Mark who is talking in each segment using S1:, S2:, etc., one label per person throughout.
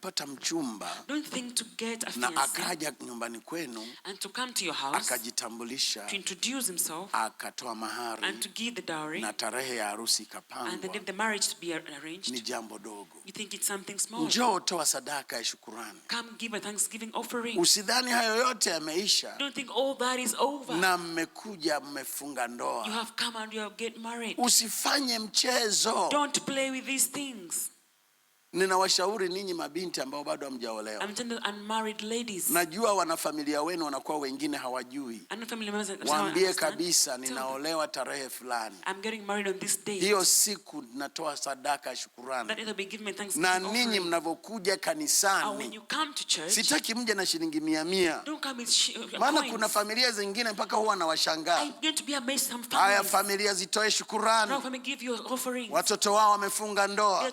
S1: kupata mchumba na akaja nyumbani kwenu akajitambulisha akatoa mahari na tarehe ya harusi
S2: ikapangwa,
S1: ni jambo dogo. Njoo toa sadaka ya shukurani. Usidhani hayo yote yameisha na mmekuja mmefunga ndoa. Usifanye mchezo. Ninawashauri ninyi mabinti ambao bado hamjaolewa. Najua wanafamilia wenu wanakuwa wengine hawajui. Waambie kabisa ninaolewa tarehe fulani. Hiyo siku natoa sadaka ya shukurani. Na ninyi mnavyokuja ah, kanisani, sitaki mje na shilingi mia mia.
S2: Uh,
S1: Maana kuna familia zingine mpaka huwa nawashangaa. Haya familia zitoe shukurani. Watoto wao wamefunga ndoa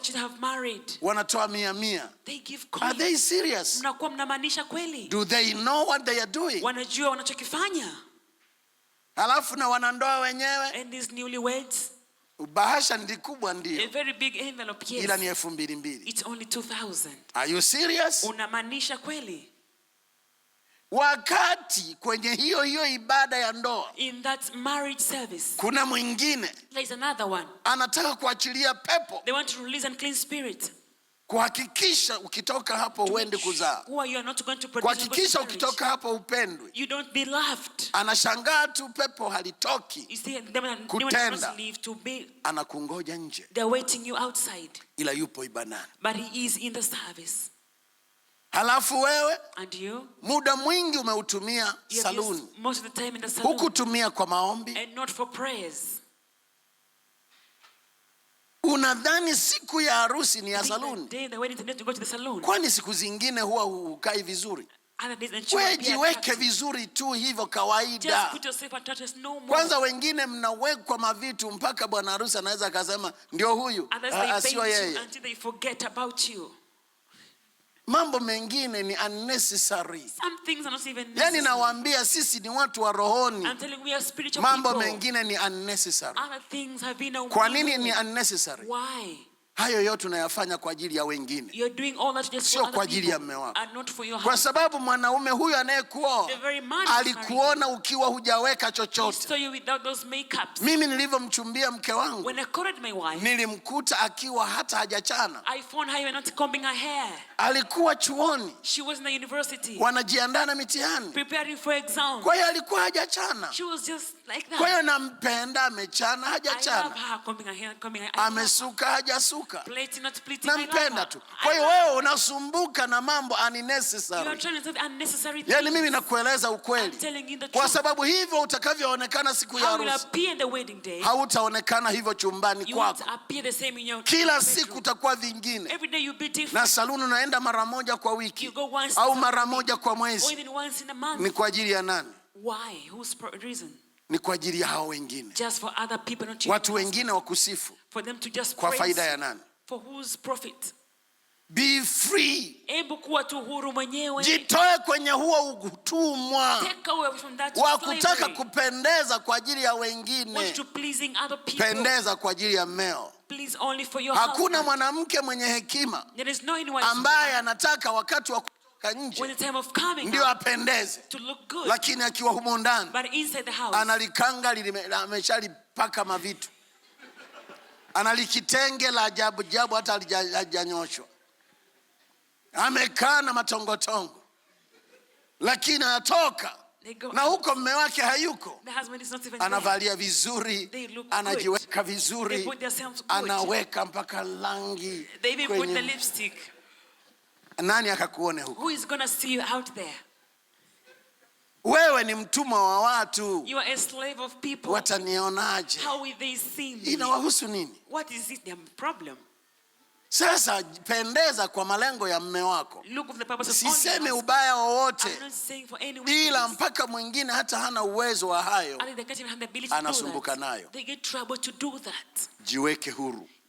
S1: wanatoa mia mia. They give Are they serious?
S2: Mnakuwa mnamaanisha kweli?
S1: Do they know what they are doing?
S2: Wanajua wanachokifanya.
S1: Alafu na wanandoa wenyewe.
S2: And these newlyweds.
S1: Bahasha ndi kubwa ndio.
S2: A very big envelope, yes.
S1: Ila ni elfu mbili mbili.
S2: It's only 2000.
S1: Are you serious?
S2: Unamaanisha kweli?
S1: Wakati kwenye hiyo hiyo ibada ya ndoa
S2: in that marriage service,
S1: kuna mwingine anataka kuachilia pepo.
S2: They want to release
S1: kuhakikisha ukitoka hapo huendi
S2: kuzaakuhakikisha ukitoka
S1: hapo upendwi.
S2: You don't be loved.
S1: Anashangaa tu pepo halitoki
S2: kutenda,
S1: anakungoja nje, ila yupo ibanani
S2: But he is in the service.
S1: Halafu wewe muda mwingi umeutumia saluni, hukutumia kwa maombi
S2: and not for prayers
S1: unadhani siku ya harusi ni ya saluni, kwani siku zingine huwa hukai vizuri?
S2: Wejiweke
S1: vizuri tu hivyo kawaida. No, kwanza wengine mnawekwa mavitu mpaka bwana harusi anaweza akasema ndio huyu,
S2: ah, ah, sio yeye
S1: mambo mengine ni unnecessary. Yani nawaambia sisi ni watu wa rohoni, mambo mengine ni unnecessary. Kwa nini ni unnecessary? Why? Hayo yote unayafanya kwa ajili ya wengine, sio kwa ajili ya mme wako, kwa sababu mwanaume huyo anayekuoa alikuona ukiwa hujaweka chochote. Mimi nilivyomchumbia mke wangu nilimkuta akiwa hata hajachana. Alikuwa chuoni wanajiandaa na mitihani, kwa hiyo alikuwa hajachana like that. Kwa hiyo nampenda amechana
S2: hajachana,
S1: amesuka hajasuka,
S2: nampenda tu.
S1: Kwa hiyo wewe unasumbuka na mambo unnecessary. Yani mimi nakueleza
S2: ukweli,
S1: kwa sababu hivyo utakavyoonekana siku ya harusi hautaonekana hivyo chumbani kwako, kila siku utakuwa vingine. Na saluni unaenda mara moja kwa wiki au mara moja kwa mwezi, ni kwa ajili ya nani?
S2: Why? Whose reason?
S1: ni kwa ajili ya hao wengine, watu wengine wakusifu kwa faida ya nani?
S2: For whose profit?
S1: Be free.
S2: Hebu kuwa tu huru mwenyewe.
S1: Jitoe kwenye huo utumwa wa kutaka kupendeza kwa ajili ya wengine, pendeza kwa ajili ya mmeo. Hakuna mwanamke mwenye hekima ambaye anataka wakati wa kutoka nje ndio apendeze, lakini akiwa humo ndani analikanga ameshalipaka mavitu, analikitenge la jabujabu jabu, hata alijanyoshwa, amekaa na matongotongo, lakini anatoka na huko mme wake hayuko, anavalia vizuri, anajiweka vizuri, anaweka mpaka rangi kwenye nani akakuone huko?
S2: Who is see you out there?
S1: Wewe ni mtumwa wa watu.
S2: You are a slave of people.
S1: Watanionaje?
S2: How will they see me?
S1: Inawahusu nini?
S2: What is it their problem?
S1: Sasa pendeza kwa malengo ya mme wako. siseme ubaya wowote, ila mpaka mwingine hata hana uwezo wa hayo anasumbuka nayo. Jiweke huru.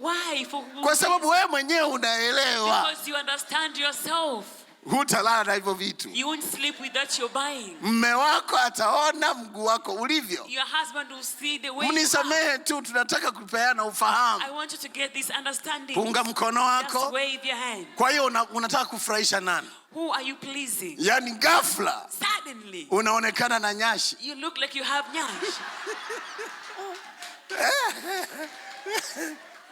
S2: Why? For,
S1: kwa sababu wewe mwenyewe unaelewa.
S2: Because you understand yourself.
S1: Hutalala na hivyo vitu.
S2: You won't sleep with that you're buying.
S1: Mme wako ataona mguu wako ulivyo.
S2: Your husband will see the way.
S1: Mnisamehe tu, tunataka kupeana ufahamu.
S2: I want you to get this understanding.
S1: Punga mkono wako.
S2: Just wave your hand.
S1: Kwa hiyo unataka kufurahisha nani?
S2: Who are you pleasing?
S1: Yaani Suddenly. Unaonekana na nyashi.
S2: You look like you have nyashi.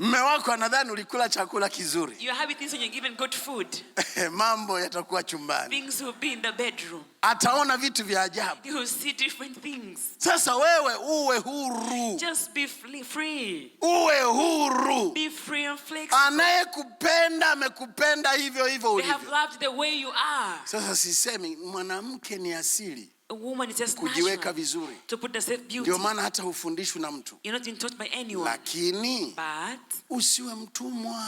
S1: Mme wako anadhani ulikula chakula kizuri.
S2: You have it when given good food.
S1: Mambo yatakuwa chumbani.
S2: Things will be in the bedroom.
S1: Ataona vitu vya ajabu.
S2: You will see different things.
S1: Sasa wewe uwe huru.
S2: Just be free.
S1: Uwe huru.
S2: Be free and flexible.
S1: Anayekupenda amekupenda hivyo hivyo ulivyo.
S2: They have loved the way you are.
S1: Sasa sisemi mwanamke ni asili kujiweka vizuri, ndio maana hata hufundishwi na mtu, lakini usiwe mtumwa.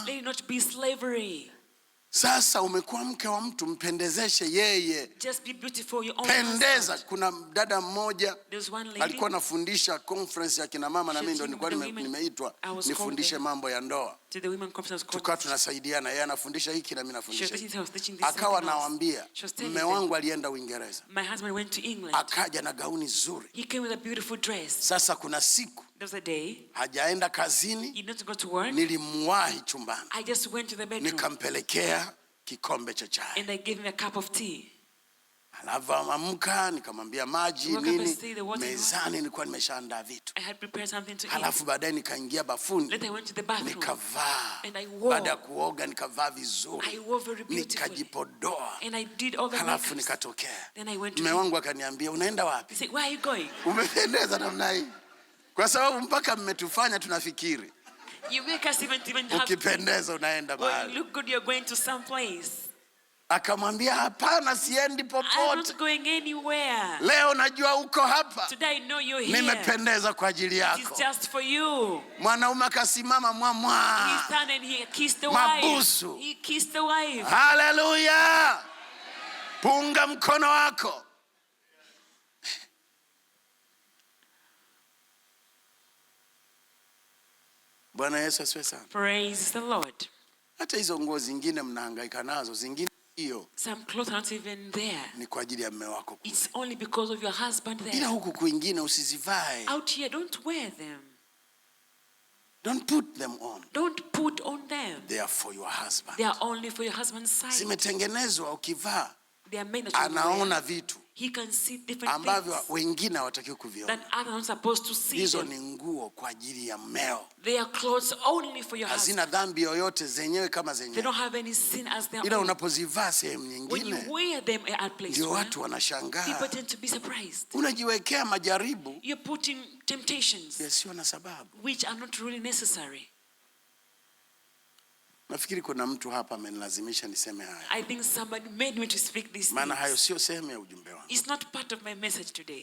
S1: Sasa umekuwa mke wa mtu, mpendezeshe yeye.
S2: Just be beautiful, your own
S1: pendeza. Kuna dada mmoja alikuwa anafundisha conference ya kina mama, na mimi ndo nilikuwa nimeitwa nifundishe mambo ya ndoa, tukawa tunasaidiana, yeye anafundisha hiki na mimi nafundisha akawa nawaambia, mume wangu alienda Uingereza, akaja na gauni zuri. Sasa kuna siku a day, hajaenda kazini.
S2: He go to work.
S1: Nilimwahi chumbani.
S2: I just went to the bedroom.
S1: Nikampelekea kikombe cha chai.
S2: And I gave him a cup of tea.
S1: Alafu amka nikamwambia maji nini mezani, nilikuwa nimeshaandaa vitu. Alafu baadaye nikaingia bafuni. Nikavaa. Baada ya kuoga nikavaa vizuri. I Nikajipodoa. Alafu nikatokea. Then wangu akaniambia unaenda wapi? Umependeza namna hii kwa sababu mpaka mmetufanya tunafikiri. Ukipendeza unaenda mahali. Akamwambia, hapana, siendi
S2: popote.
S1: Leo najua uko hapa, nimependeza kwa ajili yako. Mwanaume akasimama mwamwa, mabusu. Haleluya! Punga mkono wako Bwana Yesu asifiwe sana.
S2: Praise the Lord.
S1: Hata hizo nguo zingine mnahangaika nazo, zingine hiyo ni kwa ajili ya mume wako, ila huku kwingine usizivae. Don't put them on.
S2: Don't put on them.
S1: They are for your husband.
S2: They are only for your husband's side.
S1: Zimetengenezwa ukivaa anaona vitu
S2: He can see different
S1: ambavyo things wengine hawatakiwi kuviona. ni nguo kwa ajili ya mmeo, hazina dhambi yoyote zenyewe kama
S2: zenyewe,
S1: unapozivaa sehemu
S2: nyingine ndio
S1: watu wanashangaa. Unajiwekea majaribu yasiyo na sababu. Nafikiri kuna mtu hapa amenilazimisha niseme haya.
S2: I think somebody made me to speak this. Maana
S1: hayo sio sehemu ya ujumbe wangu.
S2: It's not part of my message today.